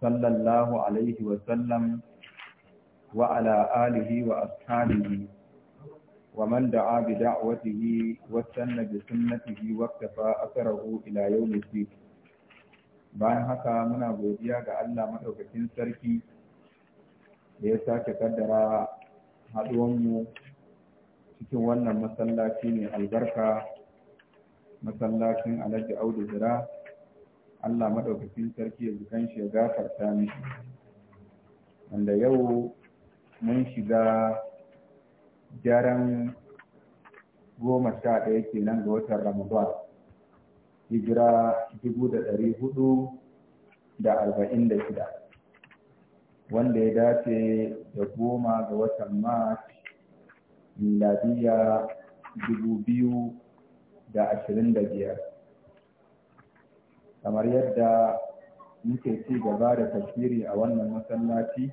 صلى الله عليه وسلم وعلى آله وأصحابه ومن دعا بدعوته واستنى بسنته واكتفى أثره إلى يوم الدين bayan haka muna godiya ga Allah maɗaukakin sarki da ya sake kaddara haɗuwanmu cikin wannan masallaci ne albarka masallacin alhaji audu zira Allah madaukakin sarki ya zukan shi ya gafarta mishi wanda yau mun shiga daren goma sha ɗaya kenan ga watan Ramadan hijira dubu da ɗari hudu da arba'in da shida wanda ya dace da goma ga watan Mars miladiyya dubu biyu da ashirin da biyar kamar yadda muke ci gaba da tafsiri a wannan masallaci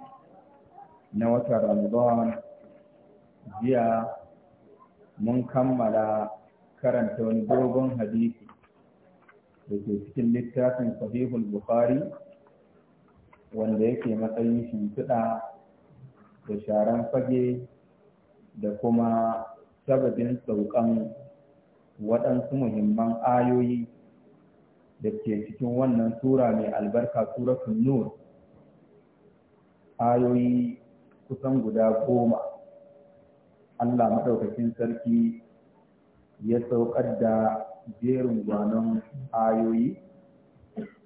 na watan ramadan jiya mun kammala karanta wani dogon hadisi da ke cikin littafin sahihul bukhari wanda yake matsayin shimfiɗa da sharan fage da kuma sababin saukan waɗansu muhimman ayoyi da ke cikin wannan tura mai albarka suratul nur ayoyi kusan guda goma Allah maɗaukakin sarki ya saukar da jerin gwanon ayoyi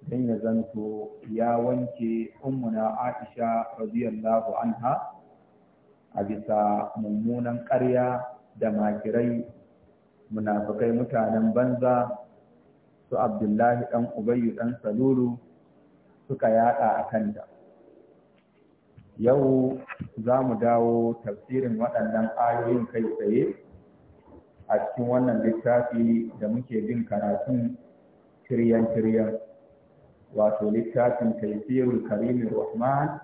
don ya zanto ya wanke ummuna aisha radiyallahu anha a bisa mummunan ƙarya da makirai munafukai mutanen banza su abdullahi ɗan ubayyu ɗan salulu suka yaɗa a kanta yau za mu dawo tafsirin waɗannan ayoyin kai tsaye a cikin wannan littafi da muke bin karatun tiryan-tiryan wato littafin taifirul karimin rahman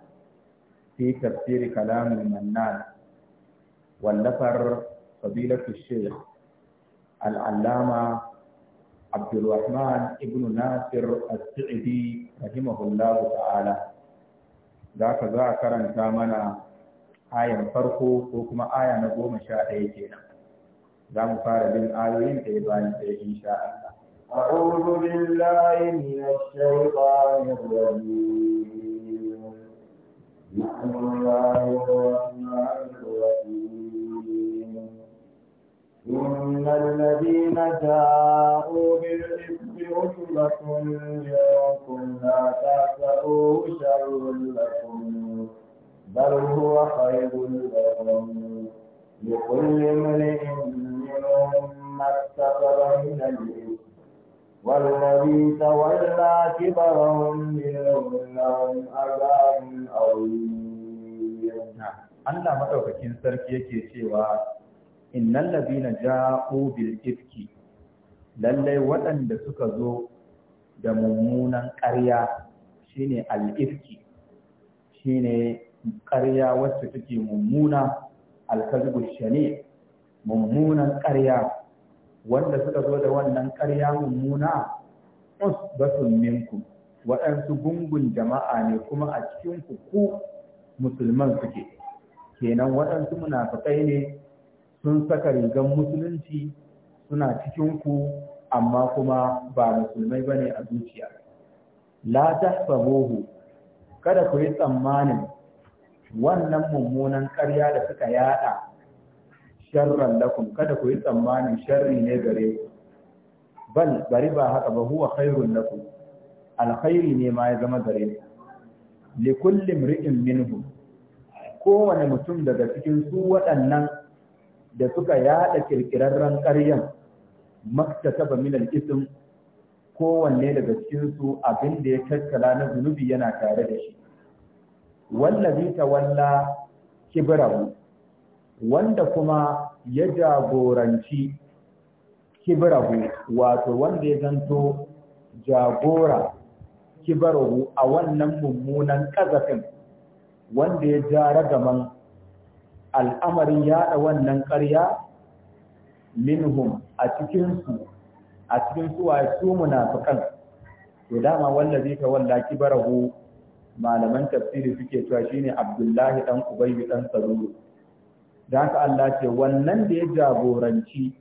fi tafsiri kalamin mannan wallafar fadilatu sheikh al'allama عبد الرحمن ابن ناصر السعدي رحمه الله تعالى ذاك ذاك رنتا منا آية فرقو وكما آية نقوم شاهي كنا ذا فارد الآيين تيبان إن شاء الله أعوذ بالله من الشيطان الرجيم بسم الله الرحمن الرحيم إن الذين جاءوا بالإثم عصبة منكم لا تحسبوه شر لكم بل هو خير لكم لكل امرئ منهم ما اكتسب من الإثم والذي تولى كبرهم منهم لهم عذاب عظيم. Allah maɗaukakin sarki yake cewa innal ladina ja'u bil ifki lallai waɗanda suka zo da mummunan ƙarya shine al ifki shine ƙarya wacce take mummuna alkazbu shani mummunan ƙarya wanda suka zo da wannan ƙarya mummuna basun minku waɗansu gungun jama'a ne kuma a cikin ku musulman suke kenan waɗansu munafikai ne sun saka rigan musulunci suna cikin ku amma kuma ba musulmai bane a zuciya la tahsabuhu kada ku yi tsammanin wannan mummunan ƙarya da suka yada sharran lakum kada ku yi tsammanin sharri ne gare ku bal bari ba haka ba huwa khairun lakum alkhairi ne ma ya zama gare ku li kulli minhum kowane mutum daga cikin su waɗannan da suka yada kirkirarren ƙaryan maktataba min al-ism kowanne daga cikin su abin da ya tattala na zunubi yana tare da shi wallazi tawalla kibrahu wanda kuma ya jagoranci kibrahu wato wanda ya zanto jagora kibrahu a wannan mummunan kazafin wanda ya ja ragaman al'amarin yaɗa wannan ƙarya minhum a cikinsu a cikin suwa su munafikan to dama wallazi ka wallaki barahu malaman tafsiri suke cewa shine Abdullahi dan Ubay dan Salul dan ka Allah ce wannan da ya jagoranci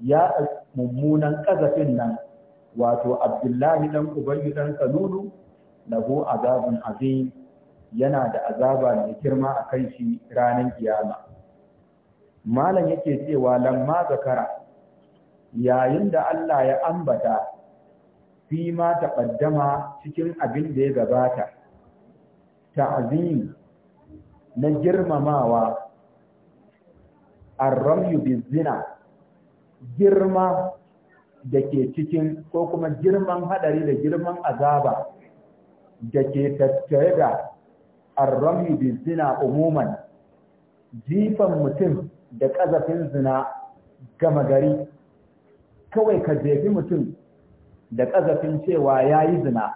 ya mummunan kazafin nan wato Abdullahi dan Ubay dan Salulu lahu azabun azim yana da azaba mai girma a kan shi ranar kiyama malam yake cewa lamma zakara yayin da Allah ya ambata fi ma taqaddama cikin abin da ya gabata ta'zim na girmamawa ar-ramyu bizina girma da ke cikin ko kuma girman hadari da girman azaba da ke tattare da arrami bizina zina umuman jifan mutum da ƙazafin zina gama gari kawai ka jefi mutum da ƙazafin cewa ya yi zina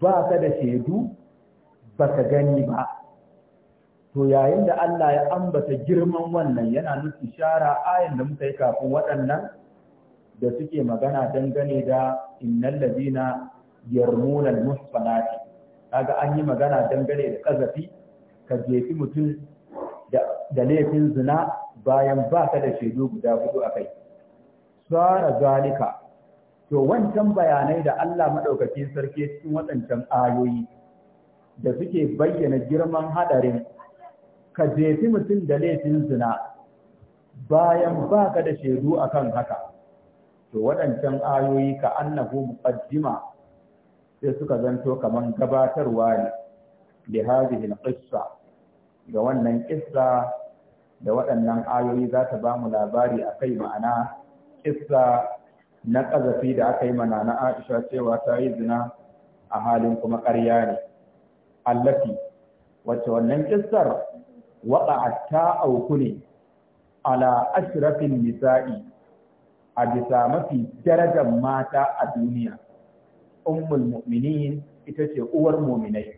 ba ka da shaidu ba ka gani ba to yayin da Allah ya ambata girman wannan yana nufi shara ayin da muka yi kafin waɗannan da suke magana dangane da innal ladina yarmuna al kaga an yi magana dangane da kazafi ka jefi mutum da laifin zina bayan ba ka da shaidu guda hudu a kai tsara zalika to wancan bayanai da Allah madaukakin sarki cikin waɗancan ayoyi da suke bayyana girman haɗarin ka jefi mutum da laifin zina bayan ba ka da shaidu akan haka to waɗancan ayoyi ka annahu muqaddima sai suka zanto kamar gabatarwa ne da hadhihi qissa ga wannan qissa da waɗannan ayoyi za ta ba mu labari akai ma'ana qissa na ƙazafi da aka yi mana na Aisha cewa ta yi zina a halin kuma ƙarya ne allafi wacce wannan kissar waƙa ta auku ne ala ashrafin nisa'i a bisa mafi darajar mata a duniya ummul mu'minin ita ce uwar mu'minai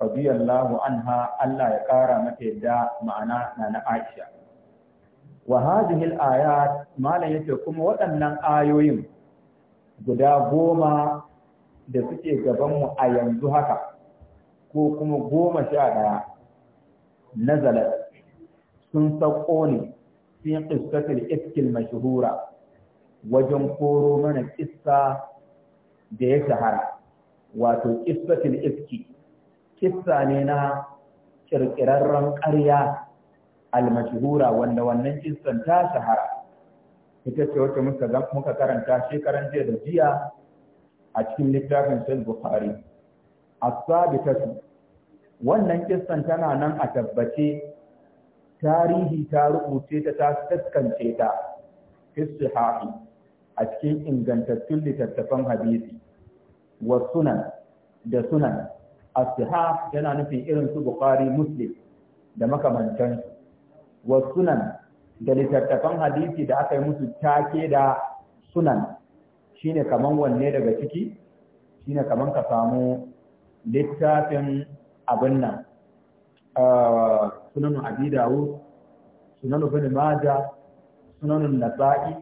radiyallahu anha Allah ya kara mata yadda ma'ana na na Aisha wa hadhihi al-ayat malan yace kuma waɗannan ayoyin guda goma da suke gaban mu a yanzu haka ko kuma goma sha ɗaya nazalat sun sauko ne fi qissatil iskil mashhura wajen koro mana kissa da ya shahara wato kissatul iski kissa ne na kirkirarren ƙarya almashhura wanda wannan kissan ta shahara ita ce wacce muka muka karanta shekaran jiya da jiya a cikin littafin Sahih Bukhari as wannan kissan tana nan a tabbace tarihi ta rubuce ta ta taskance ta fi a cikin ingantattun littattafan hadisi wa sunan da sunan asiha yana nufin irin su bukari muslim da makamantan wa sunan da littattafan hadisi da aka yi musu take da sunan shine kaman wanne daga ciki shine kaman ka samu littafin abin nan ah, sunanu abi dawud sunanu bin maja sunanu nasa'i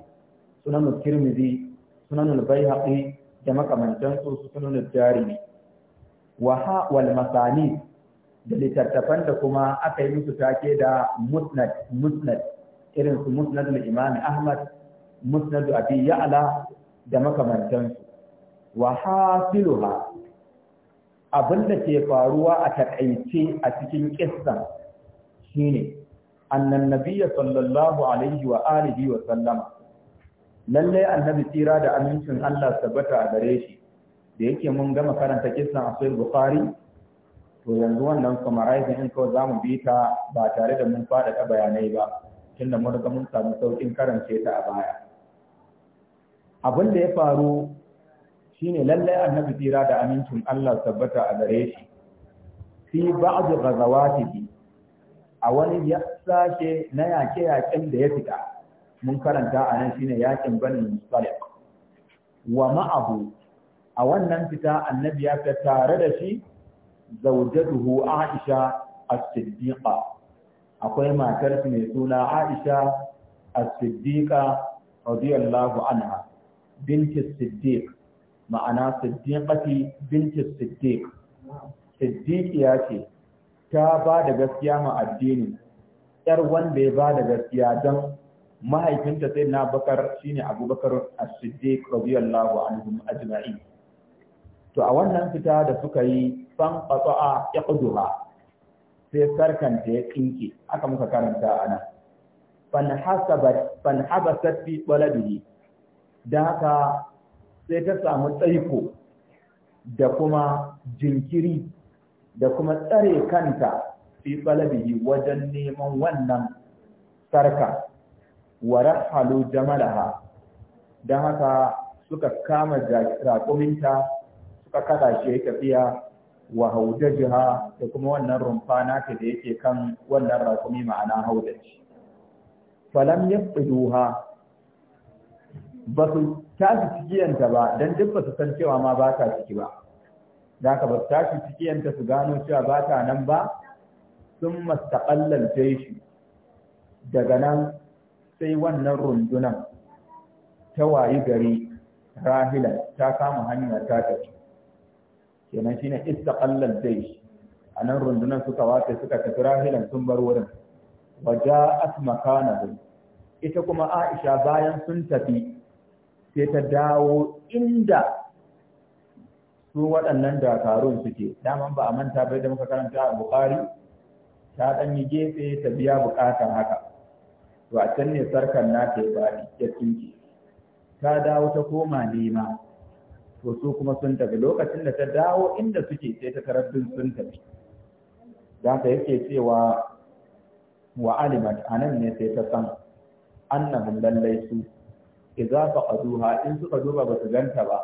sunan tirmidhi sunan bayhaqi da makamantan su sunan jarimi wa ha wal masani da littattafan da kuma aka yi musu take da musnad musnad irin su musnad al-imam ahmad musnad abi ya'la da makamantan su wa hasiluha abin da ke faruwa a takaice a cikin kissan shine annan nabiyya sallallahu alaihi wa alihi wa sallama lallai annabi tsira da amincin Allah tabbata a gare shi da yake mun gama karanta kisan akwai bukhari to yanzu wannan summarizing in kawai zamu bi ta ba tare da mun faɗaɗa bayanai ba tunda mun ga mun samu saukin karance ta a baya abin da ya faru shine lallai annabi tsira da amincin Allah tabbata a gare shi fi ba'd ghazawatihi a wani sashe na yake yaken da ya fita mun karanta a nan shine yakin bani mustalik wa ma'ahu a wannan fita annabi ya fita tare da shi zawjatuhu aisha as-siddiqa akwai matar mai suna aisha as-siddiqa radiyallahu anha binti siddiq ma'ana siddiqati binti siddiq siddiqiya ce ta ba da gaskiya ma addini yar wanda ya ba da gaskiya don mahaifinta sai na bakar shine abubakar as-siddiq radiyallahu anhum ajma'i to a wannan fita da suka yi fan qata'a yaqduha sai sarkanta ya tsinke aka muka karanta ana fan fan habasat fi baladihi da haka sai ta samu tsaiko da kuma jinkiri da kuma tsare kanta fi balabihi wajen neman wannan sarka wa rahalu jamalaha don haka suka kama raƙuminta suka kada shi ya tafiya wa haudajiha da kuma wannan rumfa ta da yake kan wannan raƙumi ma'ana haudaji falam yafqiduha ba su tashi cikiyanta ba don duk ba su san cewa ma ba ta ciki ba da ka ba su tashi cikiyanta su gano cewa ba ta nan ba sun mastaƙallar Jeshi, daga nan sai wannan rundunan ta wayi gari rahila ta kama hanya ta tafi kenan shine istaqallal dai anan rundunan suka wace suka tafi rahilan sun bar wurin waja'at dai ita kuma Aisha bayan sun tafi sai ta dawo inda su waɗannan dakarun suke daman ba a manta bai da muka karanta a Bukhari ta ɗan yi gefe ta biya bukatar haka to a can ne sarkar na ta ba ya tunke ta dawo ta koma nema to su kuma sun tafi lokacin da ta dawo inda suke sai ta karabbin sun tafi za ka yake cewa wa alimat anan ne sai ta san annahum lallai su idza faqaduha in suka duba ba su ganta ba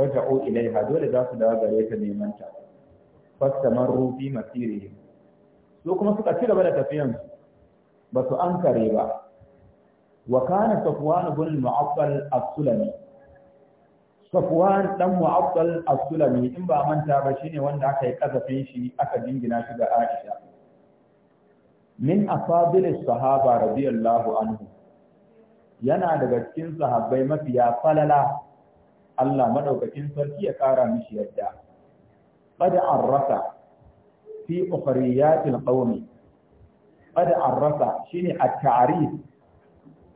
raja'u ilaiha dole za su dawo gare ta neman ta fastamar rufi masiri su kuma suka ci gaba da tafiyan su ba su ankare ba wa kana safwan ibn mu'affal as-sulami safwan dan mu'affal as-sulami in ba manta ba shine wanda aka yi kazafin shi aka jingina shi ga Aisha min afabil sahaba radiyallahu anhu yana daga cikin sahabbai mafiya falala Allah madaukakin sarki ya kara mishi yadda qad rasa. fi ukhriyatil qawmi an rasa, shine ne a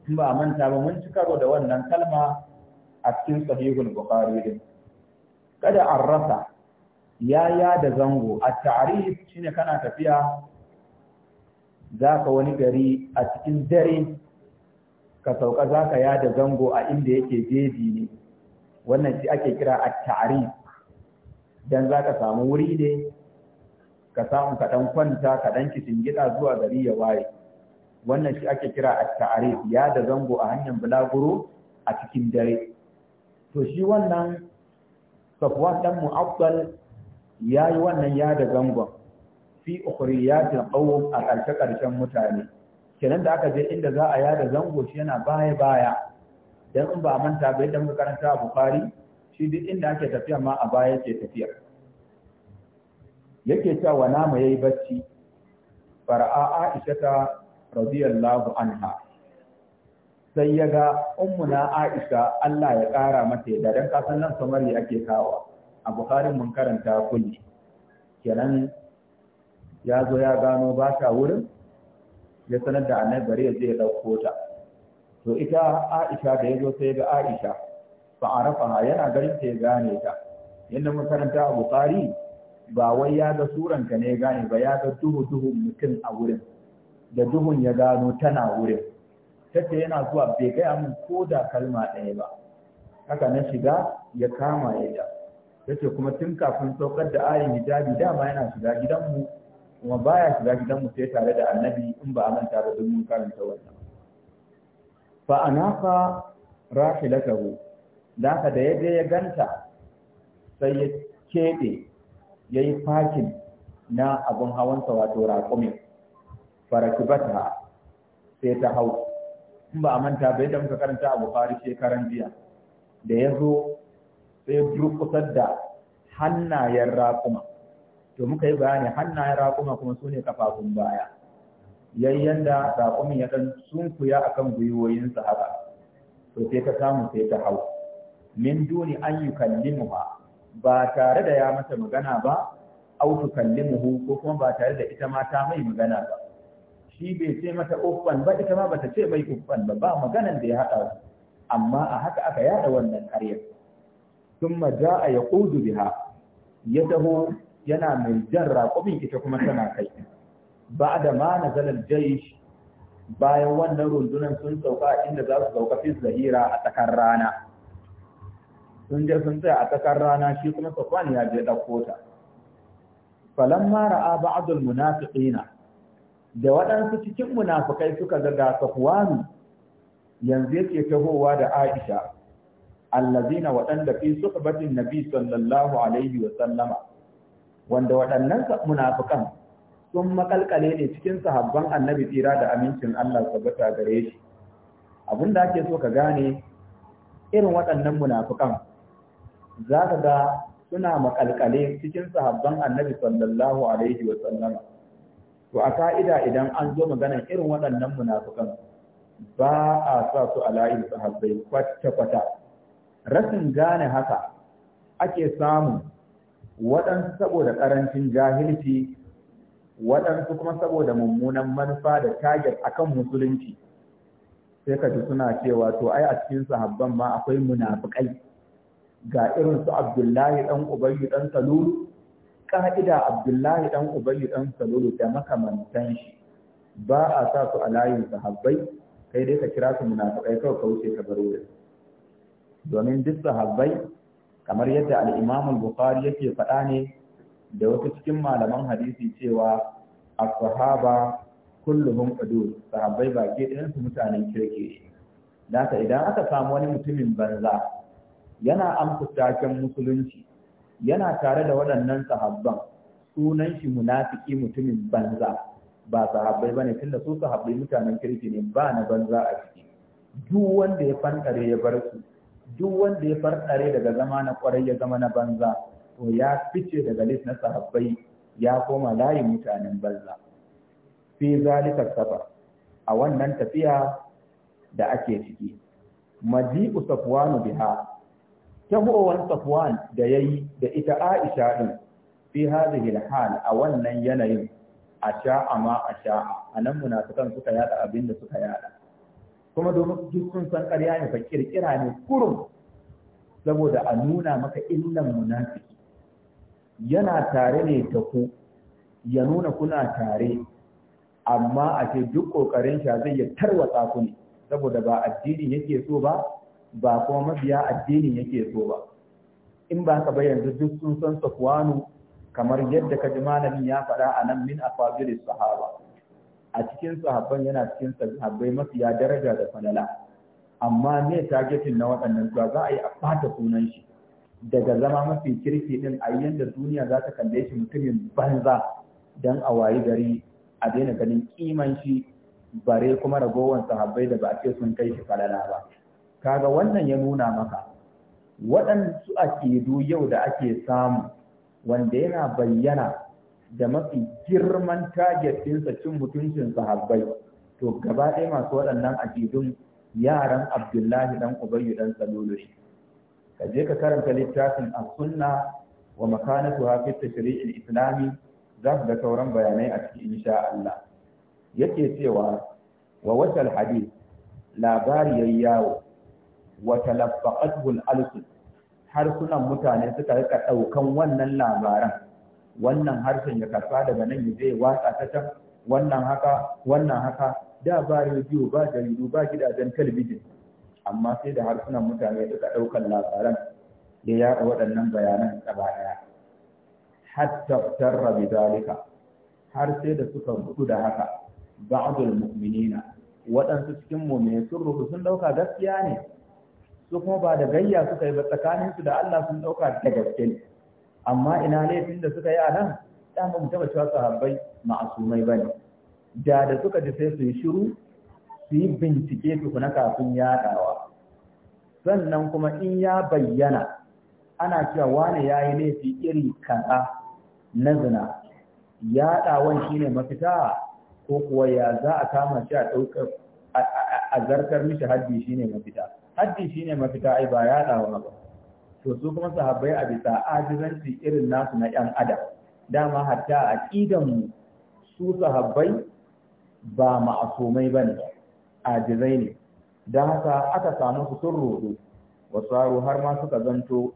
in ba manta ba mun karo da wannan kalma a cikin sahihul bukhari din kada arrafa ya ya da zango at-ta'rif shine kana tafiya zaka wani gari a cikin dare ka sauka zaka ya da zango a inda yake jeji ne wannan shi ake kira at-ta'rif dan zaka samu wuri ne ka samu ka dan kwanta ka dan gida zuwa gari ya waye wannan shi ake kira at-ta'arif ya da zango a hanyar bulaguro a cikin dare to shi wannan safwa dan ya yayi wannan ya da zangon fi ukhriyatil qawm a karshe karshen mutane kenan da aka je inda za a yada zango shi yana baya baya dan in ba manta bai dan karanta a Bukhari shi duk inda ake tafiya ma a baya yake tafiya yake wa nama yayi bacci fara'a Aisha ta radiyallahu anha sai ya ga na Aisha Allah ya ƙara mata yadda dan kasan nan samari ake kawo a Bukharin mun karanta kulli kenan ya zo ya gano ba ta wurin ya sanar da annabi bari ya je ya dauko ta to ita Aisha da ya zo sai ga Aisha fa arafa yana garin ta ya gane ta yanda mun karanta a Bukhari ba wai ya ga suranka ne ya gane ba ya ga duhu duhu mutum a wurin da duhun ya gano tana wurin tace yana zuwa bai gaya min ko da kalma ɗaya ba haka na shiga ya kama ya ja tace kuma tun kafin saukar da ayin hijabi dama yana shiga gidanmu kuma baya shiga gidanmu sai tare da annabi in ba a manta ba domin karanta wannan fa anafa rahilatahu da haka da ya je ya ganta sai ya keɓe Yayi fakin na abin hawansa wato raƙumin farakibata sai ta hau in ba a manta bai da muka karanta a bukari shekaran jiya da ya zo sai durƙusar da hannayen raƙuma to muka yi bayani hannayen raƙuma kuma su ne kafafun baya yayi yanda raƙumin ya ɗan sunkuya akan gwiwoyinsa haka to sai ta samu sai ta hau min duni an yi ba tare da ya mata magana ba autu kallimuhu ko kuma ba tare da ita ma ta mai magana ba shi bai ce mata uffan ba ita ma bata ce mai uffan ba ba maganan da ya haɗa su amma a haka aka yaɗa wannan ƙaryar thumma a yaqudu biha ya taho yana mai jan raƙumin ita kuma tana kai Ba da ma na zalar jaysh bayan wannan rundunan sun sauka inda za su sauka fi zahira a tsakar rana sun je sun tsaya a tsakar rana shi kuma Safwan ya je ɗauko ta falamma ra'a ba'dul munafiqina da waɗansu cikin munafikai suka ga gasa Safwan yanzu yake tahowa da Aisha allazina waɗanda fi suhbatin nabi sallallahu alaihi wa sallama wanda waɗannan munafukan sun makalkale ne cikin sahabban annabi tsira da amincin Allah tabbata gare shi abinda ake so ka gane irin waɗannan munafukan. za ka ga suna makalkale cikin sahabban annabi sallallahu alaihi wa sallam to a ka'ida idan an zo maganar irin waɗannan munafukan ba a sa su a layin sahabbai kwata-kwata rashin gane haka ake samu waɗansu saboda ƙarancin jahilci waɗansu kuma saboda mummunan manufa da target akan musulunci sai ka ji suna cewa to ai a cikin sahabban ma akwai munafukai ga irin su Abdullahi dan Ubayyu dan Salulu ka'ida Abdullahi dan Ubayyu dan Salulu da makamantan shi ba a sa su a layin sahabbai kai dai ka kira su munafiqai kawai ka wuce ka da su. domin duk sahabbai kamar yadda al-Imam al-Bukhari yake faɗa ne da wasu cikin malaman hadisi cewa as-sahaba kulluhum udul sahabbai baki ɗayan su mutanen kirki ne ta idan aka samu wani mutumin banza yana amsa taken musulunci yana tare da waɗannan sahabban sunan shi munafiki mutumin banza ba sahabbai bane tunda su sahabbai mutanen kirki ne ba na banza a ciki duk wanda ya fantare ya bar su duk wanda ya fantare daga zama na kwarai ya zama na banza to ya fice daga list na sahabbai ya koma layin mutanen banza fi zalika safar a wannan tafiya da ake ciki maji'u safwanu biha tahowar safwan da yayi da ita aisha ɗin fi hadhihi hal a wannan yanayin a sha'a ma a sha'a anan munafikan suka yada abin da suka yada kuma domin duk sun san ƙarya ne fa kirkira ne kurum saboda a nuna maka illan munafiki yana tare ne ta ku ya nuna kuna tare amma a ce duk ƙoƙarin sha zai ya tarwatsa ku ne saboda ba addini yake so ba ba kuma mabiya addinin yake so ba in ba ka ba duk sun san safwanu kamar yadda ka ji malamin ya faɗa a nan min afabiris sahaba a cikin sahabban yana cikin sahabbai mafiya daraja da falala amma me targetin na waɗannan to za a yi a fata sunan shi daga zama mafi kirki din a yanda duniya za ta kalle shi mutumin banza dan a wayi gari a daina ganin kiman shi bare kuma ragowar sahabbai da ba a ce sun kai shi falala ba kaga wannan ya nuna maka waɗansu akidu yau da ake samu wanda yana bayyana da mafi girman target ɗinsa cin mutuncin sahabbai to gaba ɗaya masu waɗannan akidun yaran abdullahi dan ubayyu dan salulu ka je ka karanta littafin as-sunna wa makanatuha fi tashri' islami za ka ga sauran bayanai a cikin insha Allah yake cewa wa wasal hadith labari yayi yawo wa talaffaqathu al-alsun harsunan mutane suka rika daukan wannan labaran wannan harshen ya karfa daga nan ya zai watsa ta can wannan haka wannan haka da ba rediyo ba jaridu ba gidajen talabijin amma sai da harsunan mutane suka daukan labaran ya ga waɗannan bayanan gaba ɗaya hatta tarra Zalika, har sai da suka rudu da haka ba'dul mu'minina waɗansu cikin mu'mini sun rubu sun dauka gaskiya ne su kuma ba da gayya suka yi ba su da Allah sun ɗauka da gaske amma ina laifin da suka yi a nan dama mu taba cewa sahabbai ma'asumai ba da da suka ji sai su yi shiru su yi bincike tukuna kafin yaɗawa sannan kuma in ya bayyana ana cewa wane ya yi laifi iri kaza na zina yaɗawan shine mafita ko kuwa ya za a kama shi a daukar a zartar mishi haddi shine mafita haddi shine mafita ai ba ya dawo ba to su kuma sahabbai a bisa ajiranci irin nasu na yan adam dama hatta aqidan mu su sahabbai ba ma'asumai bane ajirai ne da haka aka samu su sun rodo wasaru har ma suka zanto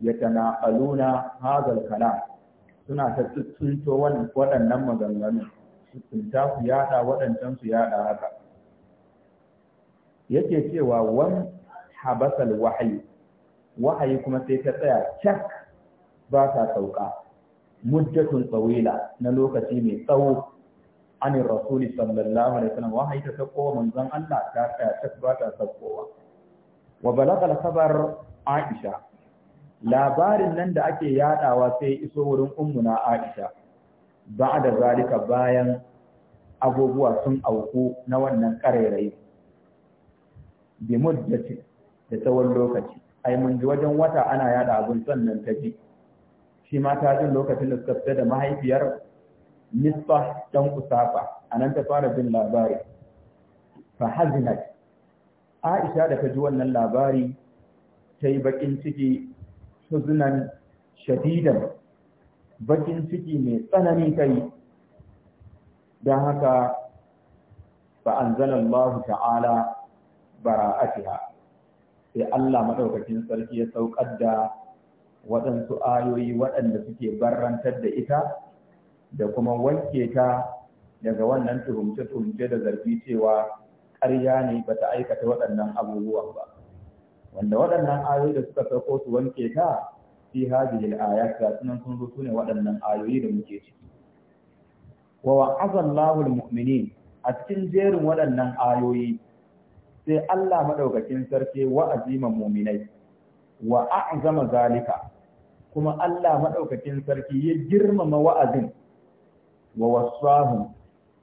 yatanaqaluna hagal kalam suna ta tsunto waɗannan maganganu tsunta ku yada waɗancan su yada haka yake cewa wan habasal wahayi wahayi kuma sai ta tsaya cak ba ta sauka muddatun tsawila na lokaci mai tsawo an rasuli sallallahu alaihi wasallam wahayi ta sako manzon Allah ta tsaya cak ba ta saukowa wa balagha khabar Aisha labarin nan da ake yadawa sai iso wurin ummuna Aisha ba'da zalika bayan abubuwa sun auku na wannan karerai bi muddatin da tsawon lokaci ai mun ji wajen wata ana yada abin sannan ta ji shi ma ta jin lokacin da suka fita da mahaifiyar nisfa dan kusafa a nan ta fara bin labari fa hazinat aisha da ta ji wannan labari ta yi bakin ciki huzunan shadidan bakin ciki mai tsanani kai don haka anzalallahu ta'ala bara'atiha sai Allah madaukakin sarki ya saukar da waɗansu ayoyi waɗanda suke barrantar da ita da kuma wanke ta daga wannan tuhumce-tuhumce da zargi cewa ƙarya ne ba ta aikata waɗannan abubuwan ba wanda waɗannan ayoyi da suka sauko su wanke ta fi hadhihi ayat sunan sun zo sune waɗannan ayoyi da muke ciki wa wa'aza Allahu a cikin jerin waɗannan ayoyi sai Allah maɗaukakin sarki wa'azi ma mu'minai wa a'zama zalika kuma Allah madaukakin sarki ya girmama wa'azin wa wasahum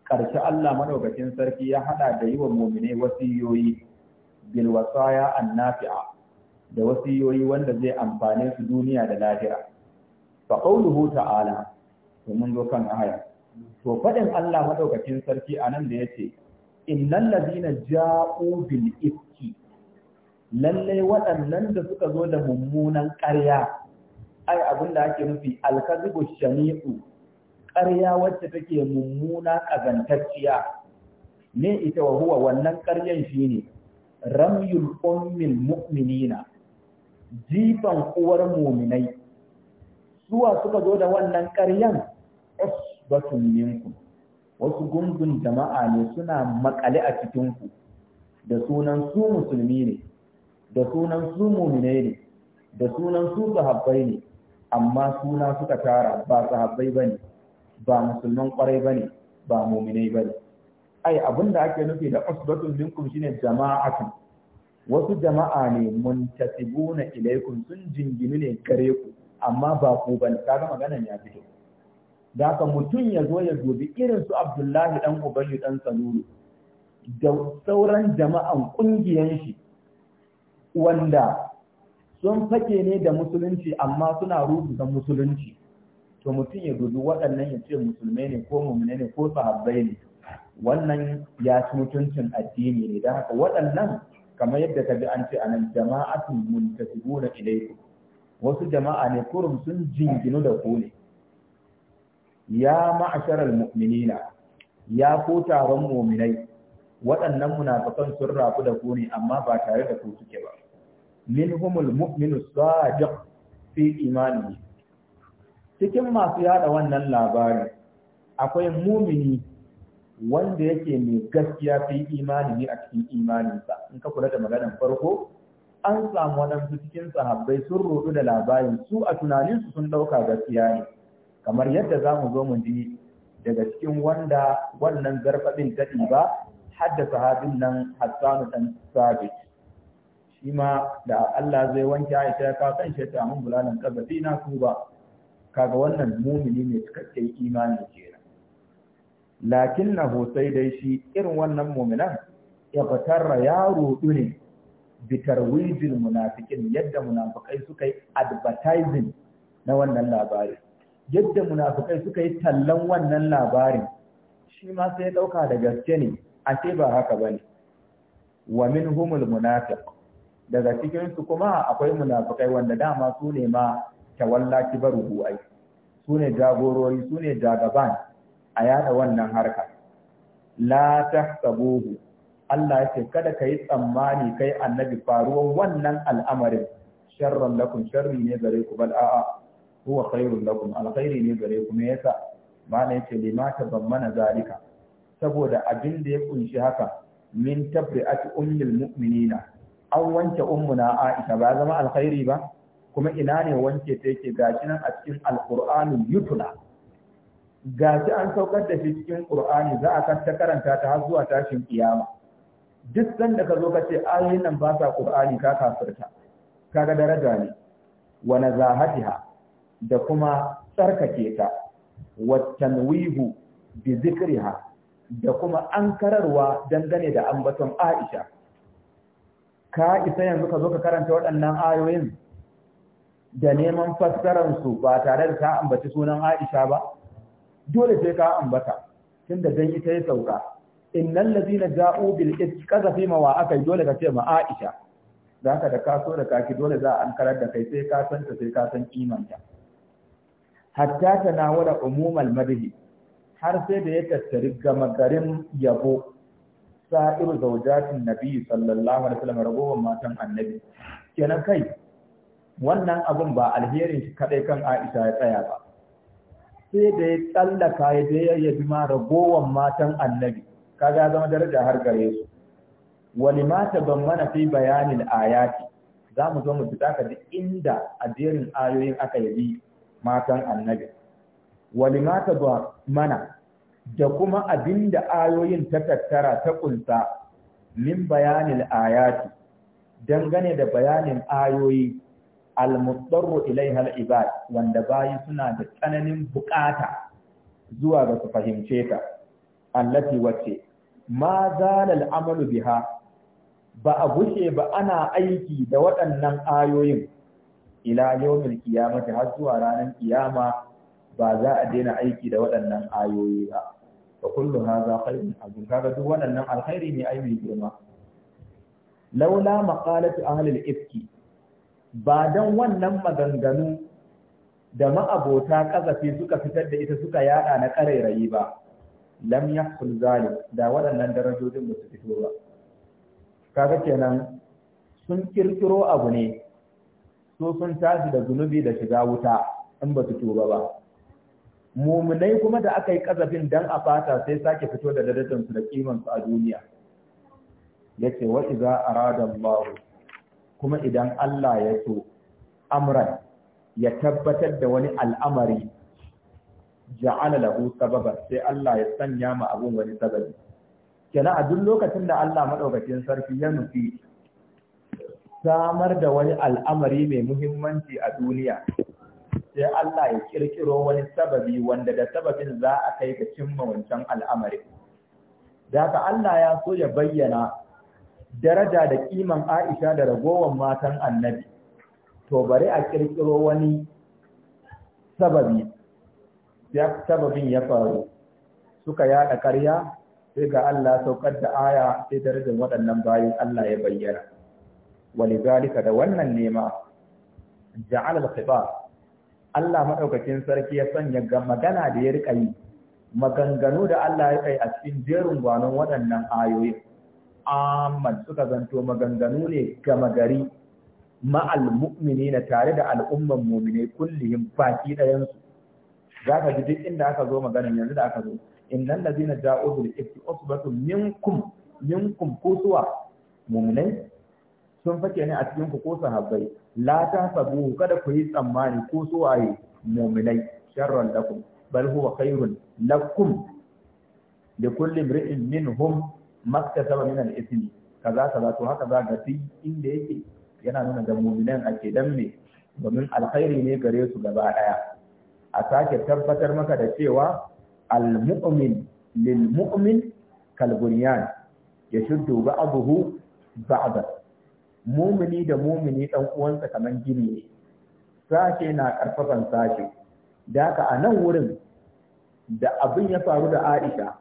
karshe Allah maɗaukakin sarki ya haɗa da yi wa mu'minai wasiyoyi bil wasaya annafi'a da wasiyoyi wanda zai amfane su duniya da lahira fa qawluhu ta'ala to mun zo kan aya to fadin Allah maɗaukakin sarki anan da yace innal ladina ja'u bil ifki lalle waɗannan da suka zo da mummunan ƙarya ai abin da ake nufi alkazibu shani'u ƙarya wacce take mummuna ƙazantacciya ne ita wa huwa wannan ƙaryan shine ramyul ummil mu'minina jifan uwar muminai zuwa suka zo da wannan ƙaryan usbatun minkum wasu gungun jama'a ne suna makale a cikinku da sunan su musulmi ne da sunan su muminai ne da sunan su sahabbai ne amma suna suka tara ba sahabbai ba ne ba musulman kwarai ba ne ba muminai ba ne ai abin da ake nufi da usbatun minkum shine jama'atun wasu jama'a ne mun tasibuna ilaikum sun jinginu ne gare ku amma ba ku bane kaga maganan ya fito da haka mutum ya zo ya dubi irin su abdullahi dan ubayi dan salulu da sauran jama'an kungiyan shi wanda sun fake ne da musulunci amma suna rubuta musulunci to mutum ya dubi waɗannan ya ce musulmai ne ko mummune ne ko sahabbai ne wannan ya ci mutuncin addini ne don haka waɗannan kamar yadda ka bi an ce anan jama'atun muntasibuna ilaikum wasu jama'a ne kurum sun jinginu da ku ya ma'asharal mu'minina ya ko taron mu'minai waɗannan munafikan sun rafu da ku amma ba tare da ku suke ba minhumul mu'minu sadiq fi imani cikin masu yada wannan labarin akwai mumini wanda yake mai gaskiya fi imani ne a cikin imaninsa in ka kula da maganar farko an samu waɗansu cikin sahabbai sun roɗu da labarin su a tunaninsu sun ɗauka gaskiya ne kamar yadda za mu zo mu ji daga cikin wanda wannan garfaɗin ta ɗiba haddasa da nan hassanu ɗan sabit shi ma da Allah zai wanke Aisha ya kawo kanshi ta mun bulalan fi na su ba kaga wannan mumini mai cikakken imani Lakin na hosai dai shi irin wannan muminan ya fatarra ya rudu ne bitarwijin munafikin yadda munafikai suka yi advertising na wannan labarin yadda munafukai suka yi tallan wannan labarin shi ma sai ya dauka da gaske ne ashe ba haka bane wa minhumul munafiq daga cikinsu kuma akwai munafukai wanda dama su ne ma tawalla kibaruhu ai su ne jagorori su ne jagaban a yada wannan harka la tahsabuhu Allah ya ce kada kai tsammani kai annabi faruwan wannan al'amarin sharran lakum sharri ne gare ku bal a'a huwa khairul lakum alkhairi ne gare ku me yasa malam yace ban mana zalika saboda abin da ya kunshi haka min tabri'ati ummil mu'minina an wanke ummuna Aisha ba zama alkhairi ba kuma ina ne wanke ta yake gashi nan a cikin alqur'anin yutula gashi an saukar da shi cikin qur'ani za a ta karanta ta har zuwa tashin kiyama duk sanda ka zo ka ce ayoyin nan ba sa qur'ani ka kafirta kaga daraja ne wa nazahatiha da kuma tsarkake ta wattanwihu bi zikriha da kuma ankararwa dangane da ambaton Aisha ka isa yanzu ka zo ka karanta waɗannan ayoyin da neman fassararsu ba tare da ta ambaci sunan Aisha ba dole sai ka ambata tunda dan ita ya sauka innal ladina ja'u bil ifk fi ma wa yi dole ka ce ma Aisha zaka da ka da kaki dole za a ankarar da kai sai ka san sai ka san kimanta hatta tanawala umumal madhi har sai da ya tattari gama garin yabo sa'iru zaujatin nabi sallallahu alaihi wasallam ragowar matan annabi kenan kai wannan abun ba alherin shi kadai kan Aisha ya tsaya ba sai da ya tsallaka ya je ya yabi ma ragowar matan annabi kaga zama daraja har gare su Wani mata ban mana fi bayanin ayati za mu zo mu fita ka duk inda a ayoyin aka yabi matan annabi walimata ba mana da kuma abinda ayoyin ta tattara ta kunsa min bayanin ayati dangane da bayanin ayoyi almudarru ilaihal ibad wanda bayi suna da tsananin bukata zuwa ga su fahimce ta allati wacce ma zalal amalu biha ba a gushe ba ana aiki da waɗannan ayoyin ila yawmil qiyamati har zuwa ranar kiyama ba za a daina aiki da waɗannan ayoyi ba wa kullu hadha khairun azim kaga duk waɗannan alkhairi ne ai mai girma laula maqalatu ahli al-ifki ba dan wannan maganganu da ma'abota kazafi suka fitar da ita suka yada na karairayi ba lam yahsul zalim da waɗannan darajojin ba su fito ba kaga kenan sun kirkiro abu ne su sun tashi da zunubi da shiga wuta in ba su tuba ba muminai kuma da aka yi ƙazafin dan a fata sai sake fito da darajarsu da kimansu a duniya yace wa iza arada Allah kuma idan Allah ya so amran ya tabbatar da wani al'amari ja'ala lahu sababa sai Allah ya sanya ma abun wani sababi kenan a duk lokacin da Allah madaukakin sarki ya nufi samar da wani al'amari mai muhimmanci a duniya sai Allah ya kirkiro wani sababi wanda da sababin za a kai ga cimma wancan al'amari da Allah ya so ya bayyana daraja da kiman Aisha da ragowar matan annabi to bari a kirkiro wani sababi ya sababin ya faru suka yada ƙarya sai ga Allah saukar da aya sai darajar waɗannan bayan Allah ya bayyana walidhalika da wannan nema ja'al al Allah madaukakin sarki ya sanya ga magana da ya rika yi maganganu da Allah ya kai a cikin jerin gwanon waɗannan ayoyi. amman suka zanto maganganu ne gama gari ma'al mu'mini na tare da al'umman mu'mini kullihim baki ɗayansu za ka ji duk inda aka zo maganin yanzu da aka zo innal da zina bil ifti usbatun minkum minkum kusuwa mu'minai sun fake ne a cikin ku ko sahabbai la ta sabu kada ku yi tsammani ko so ayi mu'minai sharran lakum bal huwa khairun lakum li kulli imri'in minhum maktasaba min al-ithmi kaza kaza to haka za ga duk inda yake yana nuna ga mu'minan ake dan me domin alkhairi ne gare su gaba daya a sake tabbatar maka da cewa al-mu'min lil mu'min kal bunyan yashuddu ba'dahu ba'dahu mumini da mumini ɗan uwansa kamar gini ne sashe na karfafan sashe da haka a nan wurin da abin ya faru da Aisha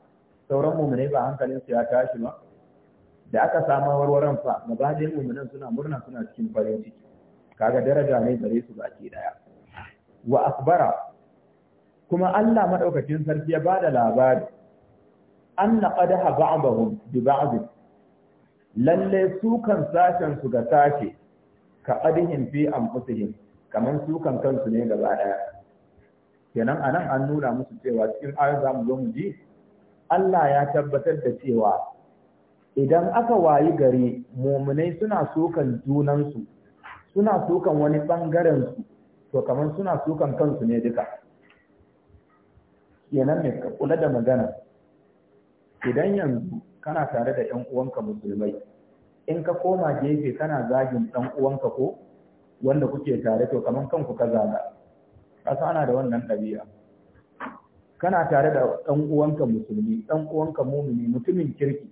sauran muminai ba hankalin su ya tashi ba da aka samu warwaran fa gaba muminan suna murna suna cikin farin ciki kaga daraja ne gare su ke daya wa akbara kuma Allah madaukakin sarki ya bada labari anna qadaha ba'dahum bi ba'd lalle sukan sashen su ga sashe ka adihin fi anfusihim kaman sukan kansu ne gaba daya kenan anan an nuna musu cewa cikin ayoyin zamu zo mu ji Allah ya tabbatar da cewa idan aka wayi gari muminai suna sukan junansu suna sukan wani bangaren su to kaman suna sukan kansu ne duka kenan ne ka kula da magana idan yanzu kana tare da ‘yan uwanka musulmai, in ka koma gefe kana zagin ɗan uwanka ko wanda kuke tare to kamar kanku ka zaga, ƙasa ana da wannan ɗabi'a. Kana tare da ɗan uwanka musulmi, ɗan uwanka mumini, mutumin kirki,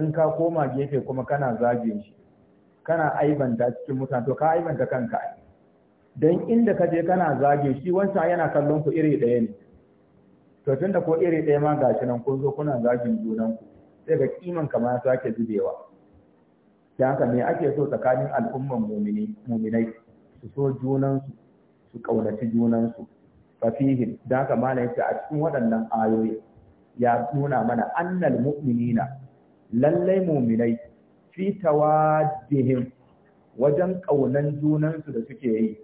in ka koma gefe kuma kana zagin shi, kana aibanta cikin mutane to ka aibanta kanka dan Don inda ka je kana zage shi wancan yana kallon ku iri ɗaya ne. To tunda ko iri ɗaya ma gashi nan kun zo kuna zagin junanku. sai ga kiman kama ya sake zubewa ta haka ne ake so tsakanin al'umman muminai su so junansu su ƙaunaci junansu fafihin da haka mana ce a cikin waɗannan ayoyi ya nuna mana annal mu'minina lallai muminai fi tawaddihim wajen kaunan junansu da suke yi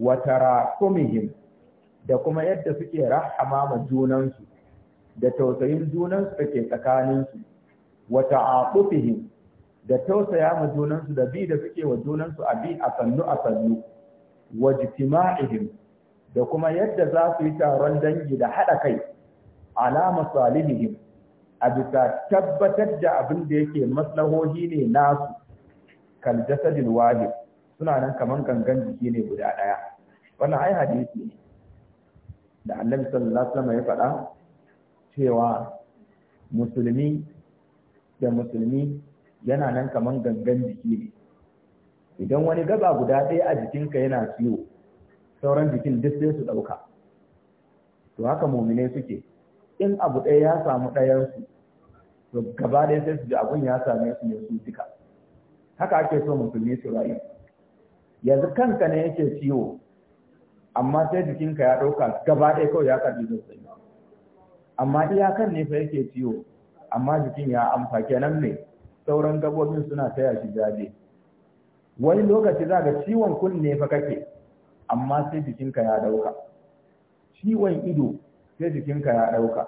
wa tarakumihim da kuma yadda suke rahama ma junansu da tausayin junansu da ke tsakaninsu wa ta'aqufihim da tausaya ma junansu da bi da suke wa junansu a bi a sannu a sannu wa jitima'ihim da kuma yadda za su yi taron dangi da haɗa kai ala salihihim a bisa tabbatar da abin da yake maslahohi ne nasu kal jasadil wahid suna nan kaman gangan jiki ne guda ɗaya wannan ai hadisi ne da annabi sallallahu alaihi wasallam ya faɗa cewa musulmi da musulmi yana nan kamar gangan jiki ne idan wani gaba guda ɗaya a jikinka yana ciwo sauran jikin duk sai su ɗauka to haka mumine suke in abu ɗaya ya samu ɗayansu to gaba ɗaya sai su ji abun ya same su ne su haka ake so musulmi su rayu yanzu kanka ne yake ciwo amma sai jikinka ya ɗauka gaba ɗaya kawai ya karbi zai amma iyakan ne fa yake ciwo amma jikin ya amfa kenan ne sauran gabobin suna taya shi jaje wani lokaci za ga ciwon kunne fa kake amma sai jikinka ya dauka ciwon ido sai jikinka ya dauka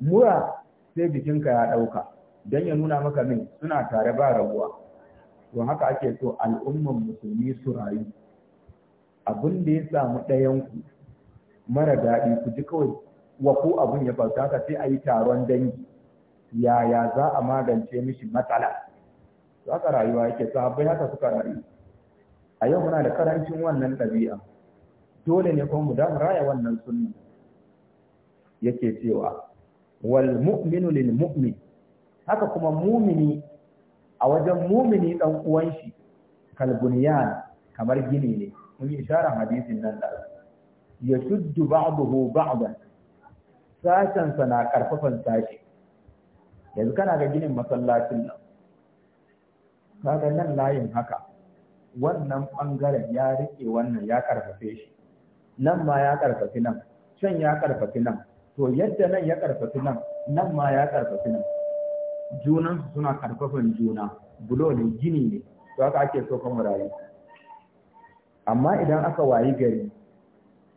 mura sai jikinka ya dauka don ya nuna maka min suna tare ba rabuwa to haka ake so al'umman musulmi su rayu abin da ya samu ɗayanku mara daɗi ku ji kawai wa ko abun ya faru ka sai a yi taron dangi yaya za a magance mishi matsala to haka rayuwa yake sahabbai haka suka rayu a yau muna da karancin wannan ɗabi'a dole ne kuma mu da raya wannan sunna yake cewa wal mu'minu lil mu'min haka kuma mumini a wajen mumini dan uwan shi kalbuniyan kamar gini ne mun yi isharar hadisin nan da ya shuddu ba'dahu ba'dan sashensa na karfafan sashi yanzu kana ga ginin masallacin nan kaga nan layin haka wannan ɓangaren ya riƙe wannan ya karfafe shi nan ma ya karfafi nan can ya karfafi nan to yadda nan ya karfafi nan nan ma ya karfafi nan junansu suna karfafan juna bulo ne gini ne to haka ake so kan rayu amma idan aka wayi gari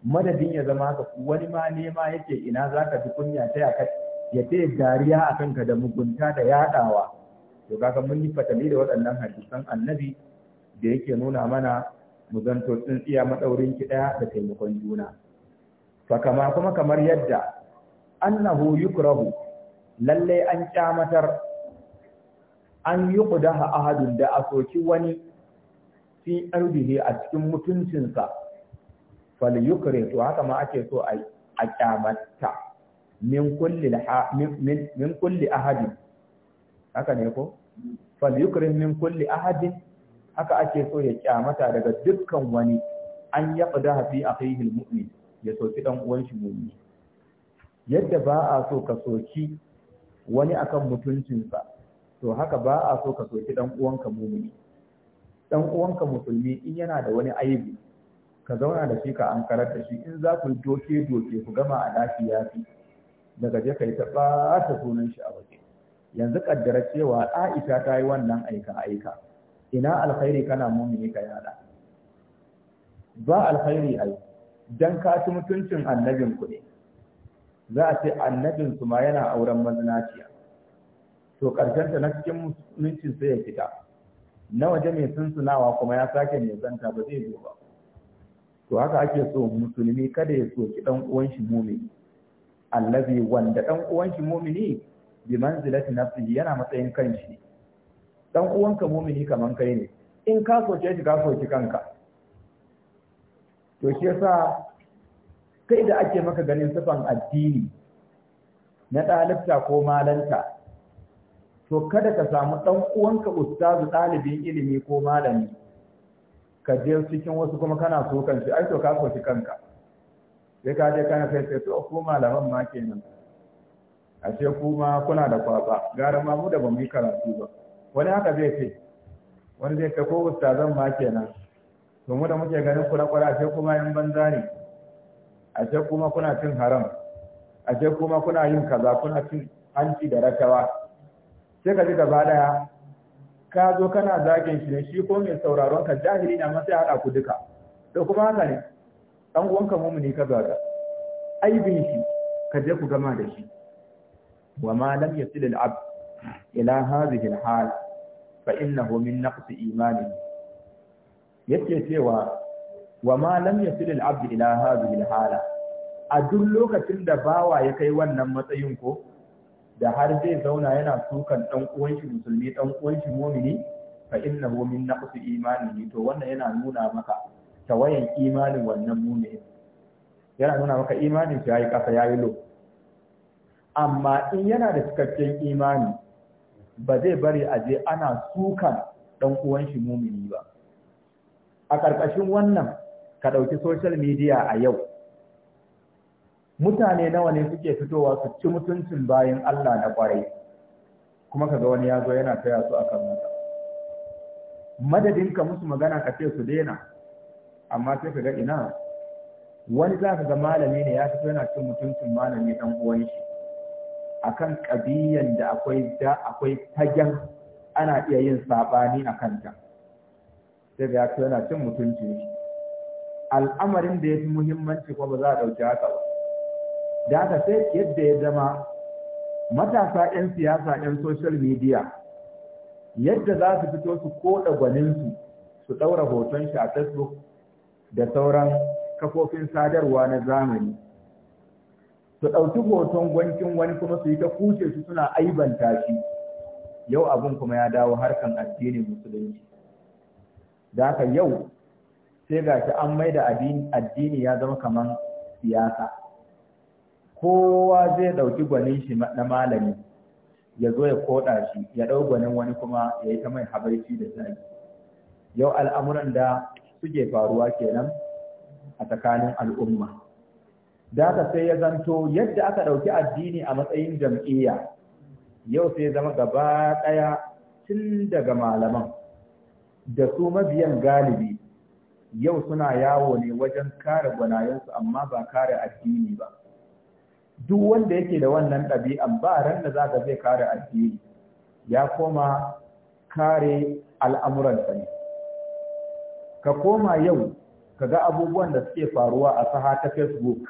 madadin ya zama haka wani ma nema yake ina za ka fi kunya ta yaka ya ce dariya a kanka da mugunta da yaɗawa to kaga mun yi fatali da waɗannan hadisan annabi da yake nuna mana mu zanto tsintsiya maɗaurin ki ɗaya da taimakon juna fa kama kuma kamar yadda annahu yukrahu lalle an kyamatar an yi ƙudaha ahadun da a asoki wani fi ardihi a cikin mutuncinsa fal to haka ma ake so a a kyamata min kulli ahadin haka ne ko fal min kulli ahadin haka ake so ya kyamata daga dukkan wani an yaqda fi akhihi almu'min ya soki ɗan uwan shi mu'min yadda ba a so ka soki wani akan mutuncinsa to haka ba a so ka soki ɗan uwanka mu'mini Ɗan uwanka musulmi in yana da wani aibi ka zauna da shi ka ankarar da shi in za ku doke doke ku gama a lafiya fi daga je ka yi ta ɓata sunan shi a waje yanzu kaddara cewa Aisha ta yi wannan aika aika ina alkhairi kana mumini ka yada ba alkhairi ai dan ka ci mutuncin annabin ku ne za a ce annabin su ma yana auren mazinaciya to karshen ta na cikin mutuncin sai ya fita na waje mai sunsunawa kuma ya sake mai zanta ba zai zo ba to haka ake so musulmi kada ya soki dan uwan shi mumini allazi wanda dan uwan shi mumini bi manzilati nafsihi yana matsayin kanshi dan uwanka mumini kaman kai ne in ka soke shi ka soki kanka to shi yasa kai da ake maka ganin sifan addini na ɗalibta ko malanta to kada ka samu dan uwanka ustazu ɗalibin ilimi ko malami ka je cikin wasu kuma kana so kanci ai to ka soki kanka sai ka je kana kai sai to ku malaman ma kenan ku kuma kuna da kwaba gara ma mu da mu yi karatu ba wani haka zai ce wani zai ce ko ustazan ma kenan to mu da muke ganin kura kura ce kuma yan banza ne A ce kuma kuna cin haram A ce kuma kuna yin kaza kuna cin hanci da rakawa sai ka ji gaba daya ka zo kana zagin shi ne shi ko mai sauraron ka jahili na masai haɗa ku duka to kuma haka ne ɗan uwanka mumuni ka zaga aibin shi ka je ku gama da shi wa ma lam yasil al abd ila hadhihi al hal fa innahu min naqs imani yake cewa wa ma lam yasil al abd ila hadhihi al hala a duk lokacin da bawa ya kai wannan matsayin ko da har zai zauna yana sukan dan uwan shi musulmi dan uwan shi mu'mini fa innahu min naqsi imanihi to wannan yana nuna maka tawayan imanin wannan mu'mini yana nuna maka imanin shi yayi kasa yayi lo amma in yana da cikakken imani ba zai bari a je ana sukan dan uwan shi mu'mini ba a ƙarƙashin wannan ka ɗauki social media a yau mutane nawa ne suke fitowa su ci mutuncin bayan Allah na kwarai kuma kaga wani ya zo yana taya su akan haka madadin ka musu magana ka ce su daina amma sai kaga ina wani za ka ga malami ne ya fito yana cin mutuncin malami dan uwan shi akan kabiyan da akwai da akwai fagen ana iya yin sabani a kanta sai ga yana cin mutuncin shi al'amarin da ya fi muhimmanci kuma ba za a ɗauki haka da haka sai yadda ya zama matasa 'yan siyasa 'yan social media yadda za su fito su koɗa gwaninsu su ɗaura hoton shi a facebook da sauran kafofin sadarwa na zamani su ɗauki hoton gwankin wani kuma su yi ta kuce su suna aibanta shi yau abin kuma ya dawo harkan addinin musulunci da haka yau sai ga shi an da addini ya zama kamar siyasa kowa zai ɗauki gwanin shi na malami ya zo ya koɗa shi ya ɗau gwanin wani kuma ya yi ta mai habaici da zagi yau al'amuran da suke faruwa kenan a tsakanin al'umma da sai ya zanto yadda aka ɗauki addini a matsayin jam'iyya yau sai zama gaba ɗaya tun daga malaman da su mabiyan galibi yau suna yawo ne wajen kare gwanayensu amma ba kare addini ba duk wanda yake da wannan ɗabi'an ba ran da za ka zai kare addini ya koma kare al'amuransa ne ka koma yau ka ga abubuwan da suke faruwa a saha ta facebook